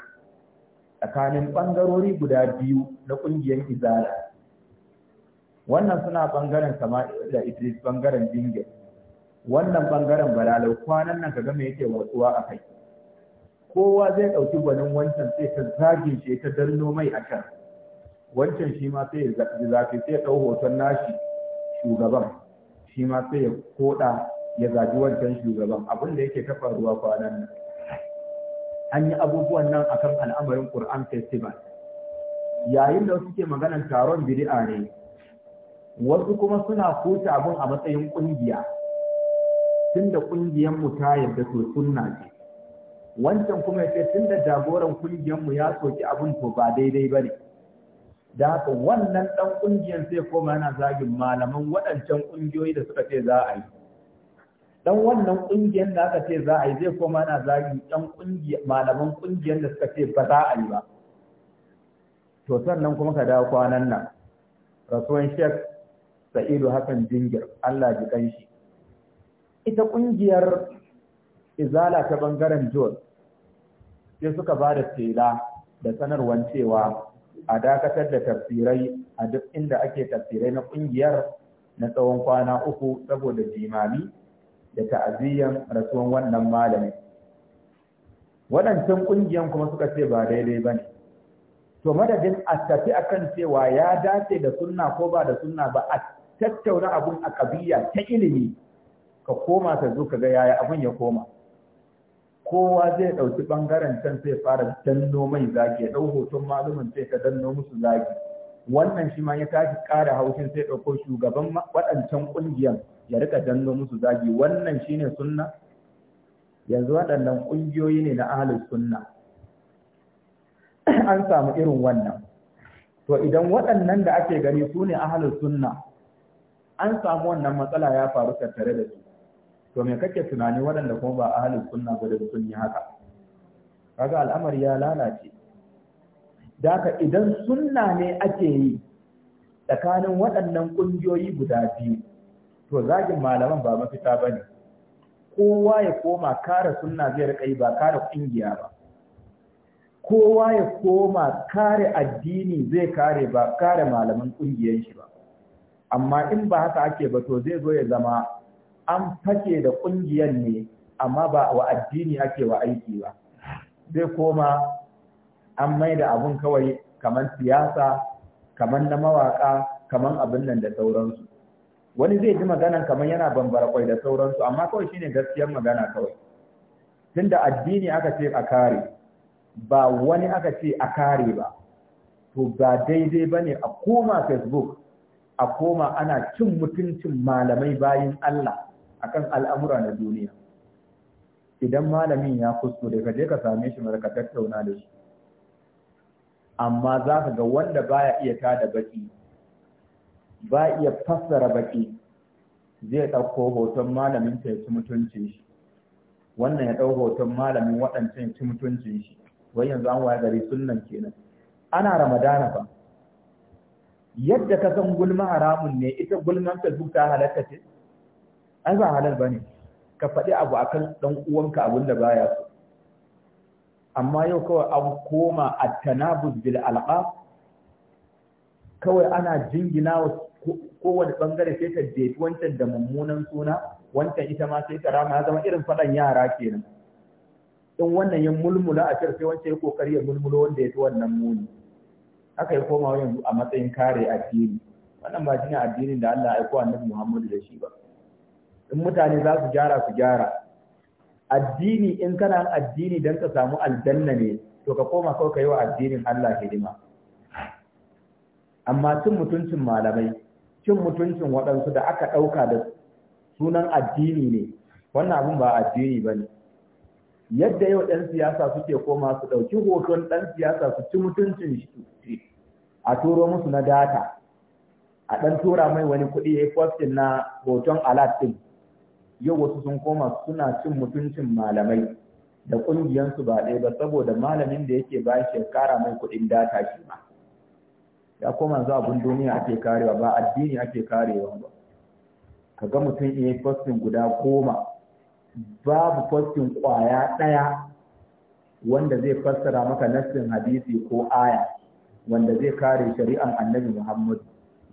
tsakanin ɓangarori guda biyu na ƙungiyar izara. wannan suna ɓangaren da idris ɓangaren dingil wannan ɓangaren balalau kwanan nan ka ga me yake watsuwa a kai kowa zai ɗauki gwanin wancan sai ta zagin shi ta danno mai a can wancan shi ma sai ya zafi sai ya ɗau hoton nashi shugaban shi ma sai ya koɗa ya zagi wancan shugaban abin da yake ta faruwa kwanan nan an yi abubuwan nan akan al'amarin Kur'an festival yayin da wasu maganan taron biri'a ne wasu kuma suna kuta abin a matsayin ƙungiya. tunda kungiyar mu ta yarda to sunna ce wancan kuma ya ce tun da jagoran ƙungiyarmu ya soki abin to ba daidai ba ne da haka wannan ɗan ƙungiyar sai koma yana zagin malaman waɗancan kungiyoyi da suka ce za a yi dan wannan ƙungiyar da aka ce za a yi zai koma yana zagin ɗan malaman ƙungiyar da suka ce ba za a yi ba to sannan kuma ka dawo kwanan nan rasuwan shek sa'idu hasan jingir allah ji shi ita ƙungiyar izala ta ɓangaren jos sai suka ba da tela da sanarwar cewa a dakatar da tafsirai a duk inda ake tafsirai na kungiyar na tsawon kwana uku saboda jimami da ta'aziyyan rasuwan wannan malami waɗancan kungiyan kuma suka ce ba daidai ba ne to madadin a tafi akan cewa ya dace da sunna ko ba da sunna ba a tattauna abun a kabiya ta ilimi ka koma ka zo ka ga yaya abun ya koma kowa zai ɗauki ɓangaren can sai fara danno mai zagi ya ɗau hoton malumin sai ka danno musu zagi wannan shi ma ya tashi ƙara haushin sai ɗauko shugaban waɗancan ƙungiyan ya rika danno musu zagi wannan ne sunna yanzu waɗannan ƙungiyoyi ne na ahalin sunna an samu irin wannan to idan waɗannan da ake gani su ne ahalin sunna an samu wannan matsala ya faru tattare da su to me kake tunani waɗanda kuma ba ahalin sunna ba da sun yi haka kaga al'amari ya lalace daka idan sunna ne ake yi tsakanin waɗannan ƙungiyoyi guda biyu to zagin malaman ba mafita ba ne kowa ya koma kare sunna zai rika yi ba kare ƙungiya ba kowa ya koma kare addini zai kare ba kare malaman ƙungiyar shi ba amma in ba haka ake ba to zai zo ya zama an fake da ƙungiyar ne amma ba wa addini ake wa aiki ba zai koma an mai da abun kawai kamar siyasa kamar na mawaƙa, kamar abin nan da sauransu wani zai ji maganan kamar yana bambara kwai da sauransu amma kawai shine gaskiyar magana kawai tunda addini aka ce a kare ba wani aka ce a kare ba to ba daidai ba ne a koma facebook a koma ana cin mutuncin malamai bayin Allah akan al'amura na duniya idan malamin ya kuskure ka je ka same shi mara ka tattauna da shi amma za ka ga wanda baya iya tada baki ba iya fassara baki zai ɗauko hoton malamin ta ya ci mutuncin shi wannan ya ɗau hoton malamin waɗancan ya ci mutuncin shi wai yanzu an waya gari sunnan kenan ana ramadana fa. yadda ka san gulma haramun ne ita gulman facebook ta halatta ce ai ba halal bane ka faɗi abu akan dan uwanka abin da baya so amma yau kawai an koma at-tanabuz bil kawai ana jingina wa kowane bangare sai ta jefi wancan da mummunan suna wancan ita ma sai ta rama ya zama irin faɗan yara kenan in wannan ya mulmula a sai wancan ya kokari ya mulmulo wanda ya fi wannan muni aka yi komawa yanzu a matsayin kare addini wannan ba ne addinin da Allah ya aiko annabi Muhammadu da shi ba in mutane za su gyara su gyara addini in kana addini don ka samu aljanna ne to ka koma kawai ka yi wa addinin Allah hidima amma cin mutuncin malamai cin mutuncin waɗansu da aka ɗauka da sunan addini ne wannan abun ba addini ba ne yadda yau ɗan siyasa suke koma su ɗauki hoton ɗan siyasa su ci mutuncin shi a turo musu na data a ɗan tura mai wani kuɗi ya yi na hoton alat ɗin yau wasu sun koma suna cin mutuncin malamai da ƙungiyarsu ba ɗaya ba saboda malamin da yake ba shi kara mai kuɗin data shi ma ya koma za abin duniya ake karewa ba addini ake karewa ba ka ga mutum yi fostin guda goma babu fostin ƙwaya ɗaya wanda zai fassara maka nassin hadisi ko aya wanda zai kare shari'an annabi Muhammad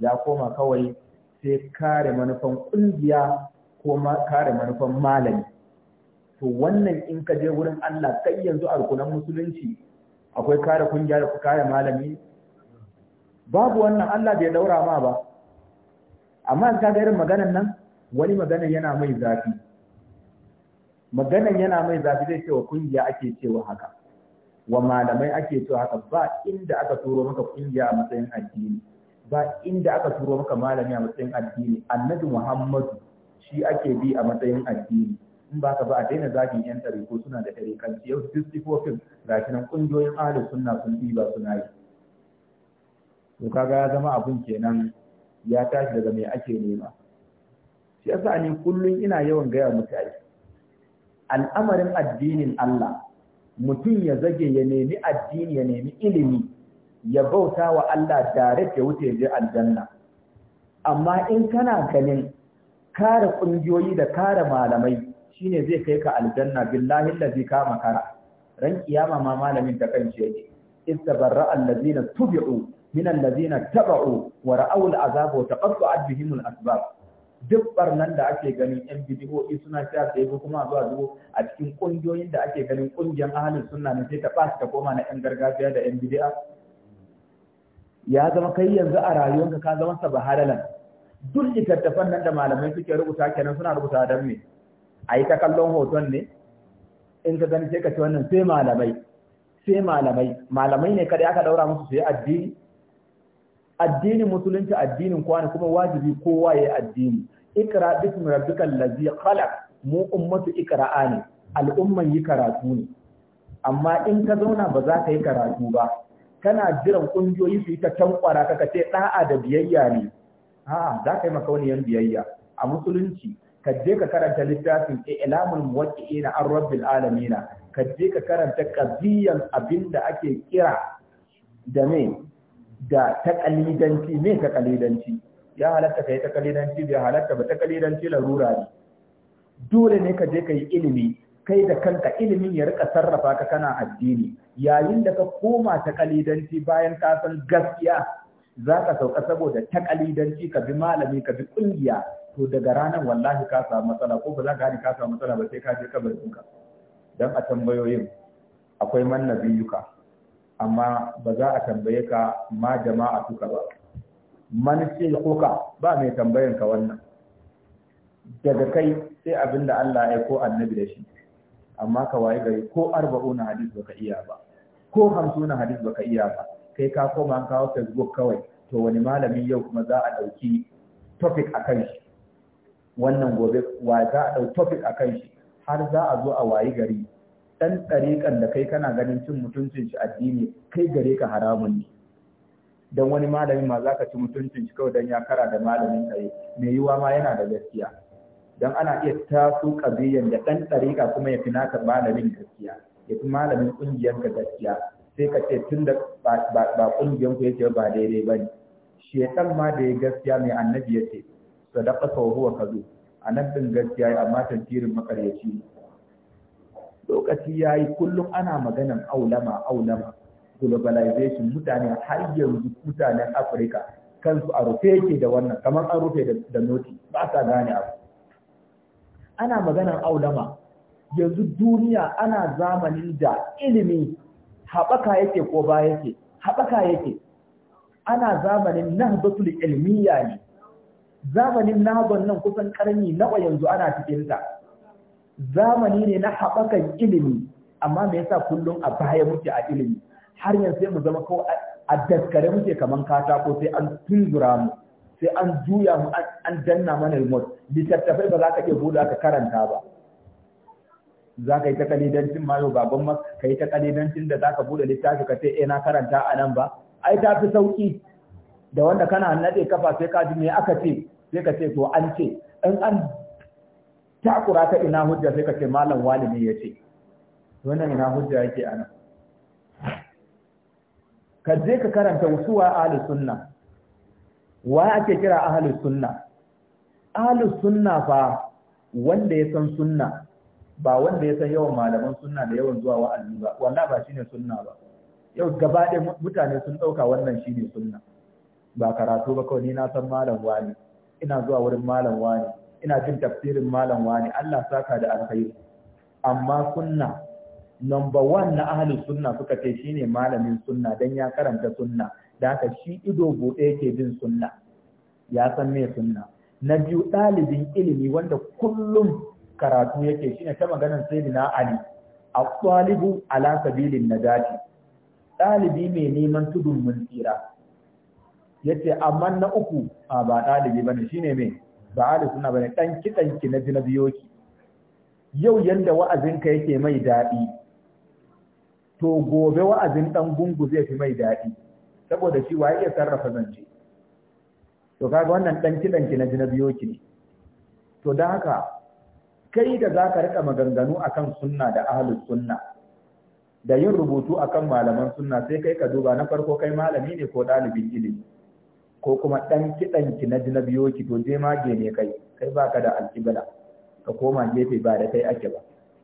ya koma kawai sai kare manufan ƙungiya. ko kare manufan malami to wannan in ka je wurin Allah kai yanzu a rukunan musulunci akwai kare kungiya da kare malami babu wannan Allah bai daura ma ba amma ka ga irin maganan nan wani magana yana mai zafi maganan yana mai zafi zai cewa kungiya ake cewa haka wa malamai ake cewa haka ba inda aka turo maka kungiya a matsayin addini ba inda aka turo maka malami a matsayin addini annabi muhammadu shi ake bi a matsayin addini in ba ka ba a daina zagin yan ko suna da kan yau duk sifofin ga shi nan kungiyoyin ahlus sunna sun ɗiba suna yi to kaga ya zama abun kenan ya tashi daga me ake nema shi yasa ni kullun ina yawan gaya mutane al'amarin addinin Allah mutum ya zage ya nemi addini ya nemi ilimi ya bauta wa Allah tare ya wuce je aljanna amma in kana ganin kare kungiyoyi da kare malamai shine zai kai ka aljanna billahi allazi kama kara ran kiyama ma malamin ta kance yake istabarra allazina tubi'u min allazina taba'u wa ra'u al'azab wa taqatta'at bihim al'asbab duk barnan da ake ganin yan bidiyo suna sha da yabo kuma zuwa zuwa a cikin kungiyoyin da ake ganin kungiyan ahlus sunna ne sai ta basu ta koma na yan gargajiya da yan bidi'a ya zama kai yanzu a rayuwarka ka zama sabahalalan duk littattafan nan da malamai suke rubuta kenan suna rubuta don me a yi ta kallon hoton ne in ka gani sai ka ce wannan sai malamai sai malamai malamai ne kada aka daura musu sai addini addinin musulunci addinin kwani kuma wajibi kowa ya addini ikra bismi rabbikal ladzi khalaq mu ummatu ikra'a ne al'umman yi karatu ne amma in ka zauna ba za ka yi karatu ba kana jiran kungiyoyi su yi ta tankwara ka ce da'a da biyayya ne a'a za ka yi yan biyayya a musulunci ka je ka karanta littafin ke ilamul na an rabbil alamin ka je ka karanta qadiyan abinda ake kira da me da takalidanci me takalidanci ya halatta kai takalidanci ya halatta ba takalidanci larura ne dole ne ka je ka yi ilimi kai da kanka ilimin ya rika sarrafa ka kana addini yayin da ka koma takalidanci bayan ka san gaskiya za ka sauka saboda ki ka bi malami ka bi kungiya to daga ranar wallahi ka samu matsala ko ba za ka ka samu matsala ba sai ka je ka bari ka dan a tambayoyin akwai man yuka amma ba za a tambaye ka ma jama'a tuka ba man kuka ba mai tambayan ka wannan daga kai sai abin da Allah ya ko annabi da shi amma ka waye gari ko arba'una hadis baka iya ba ko hamsuna hadis baka iya ba kai ka koma an kawo facebook kawai to wani malamin yau kuma za a ɗauki topic a shi wannan gobe wa za a ɗauki topic a shi har za a zo a wayi gari ɗan ɗariƙan da kai kana ganin cin mutuncin shi addini kai gare ka haramun ne don wani malamin ma za ka ci mutuncin shi kawai don ya kara da malamin tsaye mai yiwa ma yana da gaskiya don ana iya taso kabiyan da ɗan ɗariƙa kuma ya fi naka malamin gaskiya ya fi malamin ƙungiyar ka gaskiya sai ka ce tun da ba ƙungiyarku ku yake ba daidai ba ne shetan ma da ya gaskiya mai annabi ya ce sadaka sau huwa ka zo ɗin gaskiya ya amma tantirin makaryaci lokaci ya yi kullum ana maganan aulama aulama globalization mutane har yanzu mutanen afirka kansu a rufe yake da wannan kamar an rufe da noti ba sa gane abu ana maganan aulama yanzu duniya ana zamanin da ilimi haɓaka yake ko ba yake haɓaka yake ana zamanin nahbatul ilmiya ne zamanin nahban nan kusan karni nawa yanzu ana cikin ta zamani ne na haɓakan ilimi amma me yasa kullum a baya muke a ilimi har yanzu mu zama ko a daskare muke kamar katako sai an tunzura mu sai an juya mu an danna mana remote littattafai ba za ka iya buɗe ka karanta ba za ka yi ta kalidancin ma yau gaban ma ka yi ta kalidancin da za ka buɗe littafi ka ce eh, na karanta a nan ba ai ta fi sauƙi da wanda kana naɗe kafa sai ka ji me aka ce sai ka ce to an ce in an takura ta ina hujja sai ka ce malam walimi ya ce wannan ina hujja yake a nan ka je ka karanta usuwa ahli sunna wa ake kira ahli sunna ahli sunna fa wanda ya san sunna ba wanda ya san yawan malaman sunna da yawan zuwa wa'azi ba wallahi ba shine sunna ba yau gaba ɗaya mutane sun ɗauka wannan shine sunna ba karatu ba kawai ni na san malam wani ina zuwa wurin malam wani ina jin tafsirin malam wani Allah saka da alkhairi amma sunna number one na ahli sunna suka ce shine malamin sunna dan ya karanta sunna da haka shi ido buɗe yake bin sunna ya san me sunna na biyu ɗalibin ilimi wanda kullum karatu yake ne ta maganar sayyidina ali a talibu ala sabilin najati ɗalibi mai neman tudun mun tsira yace amma na uku a ba ne bane shine me ba ali suna bane dan kidan ki na na biyo ki yau yanda wa'azinka yake mai daɗi to gobe wa'azin dan gungu zai fi mai daɗi saboda shi waye ya sarrafa zance to kaga wannan ɗan kidan ki na na biyo ki ne to dan haka kai da za ka riƙa maganganu a kan sunna da ahalus sunna da yin rubutu a kan malaman sunna sai kai ka duba na farko kai malami ne ko ɗalibin ilimi ko kuma ɗan kiɗanki na na biyo ki to je ma ne kai kai ba ka da alkibla ka koma gefe ba da kai ake ba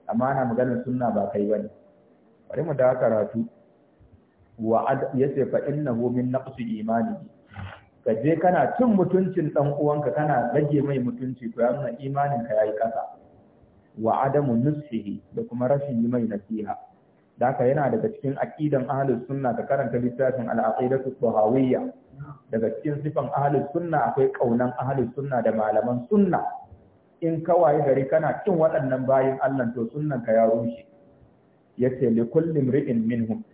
amma ana maganar sunna ba kai ba ne. bari mu da karatu wa ya ce fa innahu min naqsi imani ka je kana cin mutuncin ɗan uwanka kana rage mai mutunci to nuna imanin ka yayi ƙasa wa adamu nusfihi da kuma rashin yi mai nasiha da haka yana daga cikin aqidan ahlus sunna ka karanta littafin al-aqidatu tahawiyya daga cikin sifan ahlus sunna akwai kaunan ahlus sunna da malaman sunna in kawai gari kana cin waɗannan bayin Allah to sunnan ka ya rushe yace li kulli mri'in minhum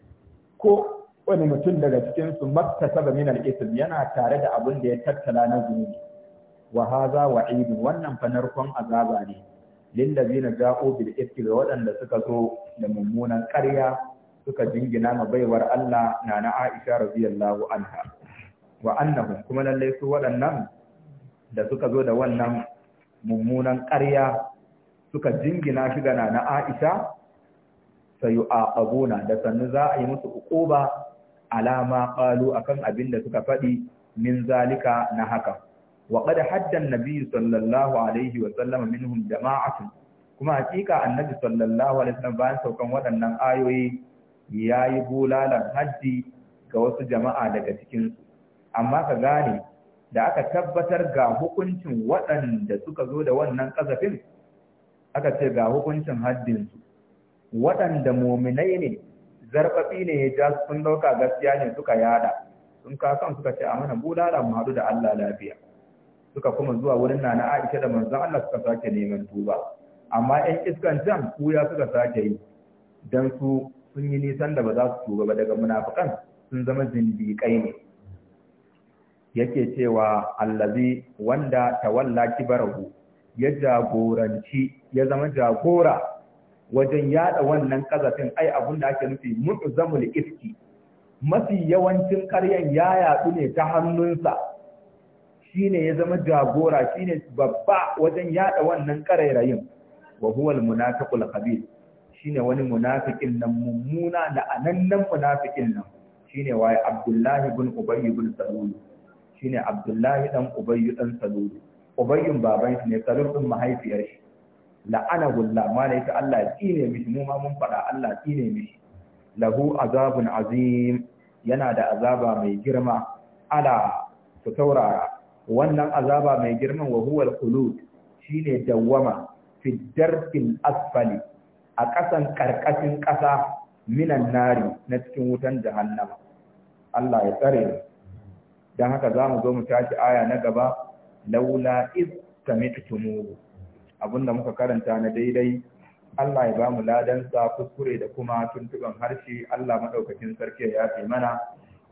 ko wani mutum daga cikin su maktasaba min al-ithm yana tare da abin da ya tattala na zunubi wa hadha wa'idun wannan fanarkon narkon azaba ne lillazina ja'u bil ifki wa waɗanda suka zo da mummunan ƙarya suka jingina ma baiwar Allah nana Aisha radiyallahu anha wa annahu kuma lalle su waɗannan da suka zo da wannan mummunan ƙarya suka jingina shi ga nana Aisha aqabuna da sannu za a yi musu hukuba alama qalu akan abin da suka faɗi min zalika na haka وقد حد النبي صلى الله عليه وسلم منهم جماعة kuma hakika annabi sallallahu alaihi bayan saukan waɗannan ayoyi yayi bulalan haddi ga wasu jama'a daga cikinsu, amma ka gane da aka tabbatar ga hukuncin waɗanda suka zo da wannan ƙazafin aka ce ga hukuncin haddinsu, waɗanda muminai ne zarfafi ne ya ja sun ɗauka gaskiya ne suka yada sun kasan suka ce a mana bulala mu haɗu da Allah lafiya suka kuma zuwa wurin nana Aisha da manzon Allah suka sake neman tuba amma ɗan iskan can kuya suka sake yi dan su sun yi nisan da ba za su tuba ba daga munafikan sun zama zindiƙai ne yake cewa allazi wanda tawalla kibarahu ya jagoranci ya zama jagora wajen yada wannan kazafin ai abun da ake nufi mu'zamul ifki mafi yawancin karyan ya yadu ne ta hannunsa Shi ne ya zama jagora ne babba wajen yada wannan karairayin wa huwa almunafiqul Shi ne wani munafikin nan mummuna da anannan munafikin nan ne waye Abdullahi ibn Ubay ibn Salul ne Abdullahi dan Ubay dan Salul Ubayyin baban shi ne Salul din mahaifiyar shi la'anahu Allah ta Allah tsine mishi mu ma mun fada Allah tsine mishi lahu azabun azim yana da azaba mai girma ala ku taurara wannan azaba mai girman wa huwa al-khulud shine dawwama fi darfil asfali a ƙasan karkashin ƙasa minan nari na cikin wutan jahannama Allah ya tsare mu dan haka zamu zo mu tashi aya na gaba laula iz tamitumu abinda muka karanta na daidai Allah ya bamu ladan sa kuskure da kuma tuntuban harshe Allah madaukakin sarki ya yafe mana